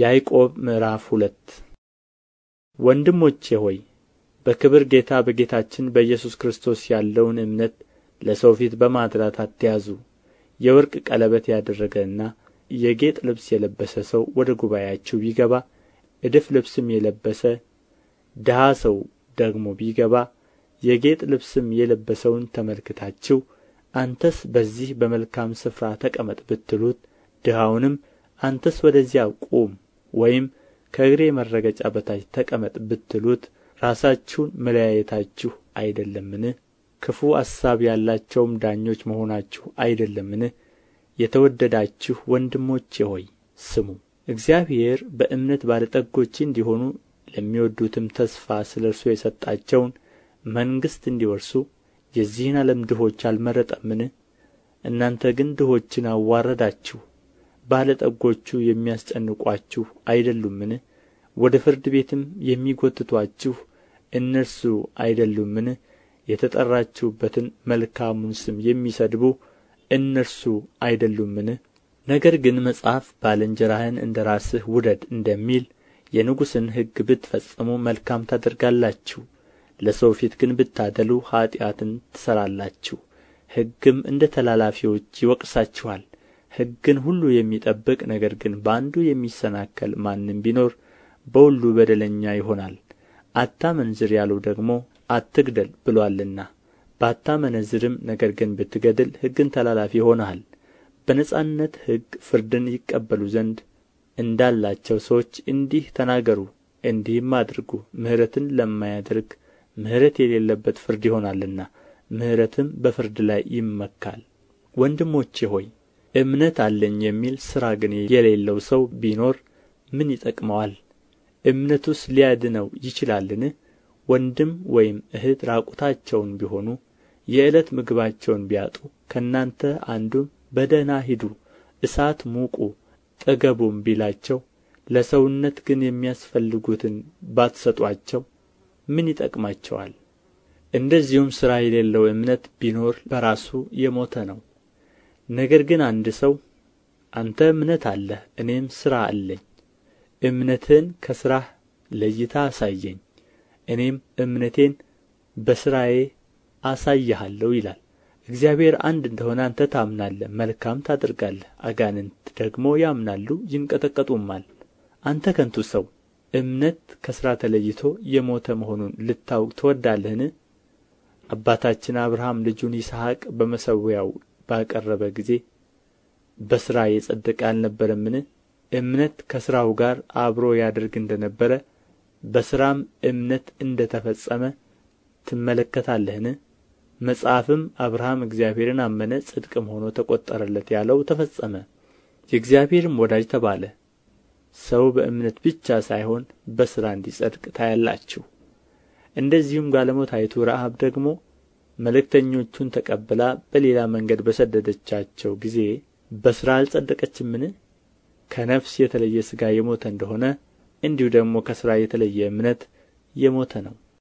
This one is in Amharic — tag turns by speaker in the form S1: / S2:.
S1: ያዕቆብ ምዕራፍ ሁለት ወንድሞቼ ሆይ በክብር ጌታ በጌታችን በኢየሱስ ክርስቶስ ያለውን እምነት ለሰው ፊት በማድላት አትያዙ። የወርቅ ቀለበት ያደረገና የጌጥ ልብስ የለበሰ ሰው ወደ ጉባኤያችሁ ቢገባ እድፍ ልብስም የለበሰ ድሃ ሰው ደግሞ ቢገባ የጌጥ ልብስም የለበሰውን ተመልክታችሁ አንተስ በዚህ በመልካም ስፍራ ተቀመጥ ብትሉት ድሃውንም አንተስ ወደዚያ ቁም ወይም ከእግሬ መረገጫ በታች ተቀመጥ ብትሉት ራሳችሁን መለያየታችሁ አይደለምን ክፉ አሳብ ያላቸውም ዳኞች መሆናችሁ አይደለምን የተወደዳችሁ ወንድሞቼ ሆይ ስሙ እግዚአብሔር በእምነት ባለጠጎች እንዲሆኑ ለሚወዱትም ተስፋ ስለ እርሱ የሰጣቸውን መንግሥት እንዲወርሱ የዚህን ዓለም ድሆች አልመረጠምን እናንተ ግን ድሆችን አዋረዳችሁ ባለጠጎቹ የሚያስጨንቋችሁ አይደሉምን ወደ ፍርድ ቤትም የሚጎትቱአችሁ እነርሱ አይደሉምን የተጠራችሁበትን መልካሙን ስም የሚሰድቡ እነርሱ አይደሉምን ነገር ግን መጽሐፍ ባልንጀራህን እንደ ራስህ ውደድ እንደሚል የንጉሥን ሕግ ብትፈጽሙ መልካም ታደርጋላችሁ። ለሰው ፊት ግን ብታደሉ ኀጢአትን ትሠራላችሁ፣ ሕግም እንደ ተላላፊዎች ይወቅሳችኋል። ሕግን ሁሉ የሚጠብቅ ነገር ግን በአንዱ የሚሰናከል ማንም ቢኖር በሁሉ በደለኛ ይሆናል አታመንዝር ያለው ደግሞ አትግደል ብሎአልና ባታመነዝርም ነገር ግን ብትገድል ሕግን ተላላፊ ሆነሃል በነጻነት ሕግ ፍርድን ይቀበሉ ዘንድ እንዳላቸው ሰዎች እንዲህ ተናገሩ እንዲህም አድርጉ ምሕረትን ለማያደርግ ምሕረት የሌለበት ፍርድ ይሆናልና ምሕረትም በፍርድ ላይ ይመካል ወንድሞቼ ሆይ እምነት አለኝ የሚል ሥራ ግን የሌለው ሰው ቢኖር ምን ይጠቅመዋል እምነቱስ ሊያድነው ይችላልን ወንድም ወይም እህት ራቁታቸውን ቢሆኑ የዕለት ምግባቸውን ቢያጡ ከእናንተ አንዱም በደህና ሂዱ እሳት ሙቁ ጠገቡም ቢላቸው ለሰውነት ግን የሚያስፈልጉትን ባትሰጧቸው ምን ይጠቅማቸዋል እንደዚሁም ሥራ የሌለው እምነት ቢኖር በራሱ የሞተ ነው ነገር ግን አንድ ሰው አንተ እምነት አለህ እኔም ሥራ አለኝ እምነትህን ከሥራህ ለይታ አሳየኝ እኔም እምነቴን በሥራዬ አሳይሃለሁ ይላል እግዚአብሔር አንድ እንደሆነ አንተ ታምናለህ መልካም ታደርጋለህ አጋንንት ደግሞ ያምናሉ ይንቀጠቀጡማል አንተ ከንቱ ሰው እምነት ከሥራ ተለይቶ የሞተ መሆኑን ልታውቅ ትወዳለህን አባታችን አብርሃም ልጁን ይስሐቅ በመሠዊያው ባቀረበ ጊዜ በሥራ የጸደቀ አልነበረምን እምነት ከሥራው ጋር አብሮ ያደርግ እንደ ነበረ በሥራም እምነት እንደ ተፈጸመ ትመለከታለህን መጽሐፍም አብርሃም እግዚአብሔርን አመነ ጽድቅም ሆኖ ተቈጠረለት ያለው ተፈጸመ የእግዚአብሔርም ወዳጅ ተባለ ሰው በእምነት ብቻ ሳይሆን በሥራ እንዲጸድቅ ታያላችሁ እንደዚሁም ጋለሞታይቱ ረዓብ ደግሞ መልእክተኞቹን ተቀብላ በሌላ መንገድ በሰደደቻቸው ጊዜ በሥራ አልጸደቀችምን ከነፍስ የተለየ ሥጋ የሞተ እንደ ሆነ እንዲሁ ደግሞ ከሥራ የተለየ እምነት የሞተ ነው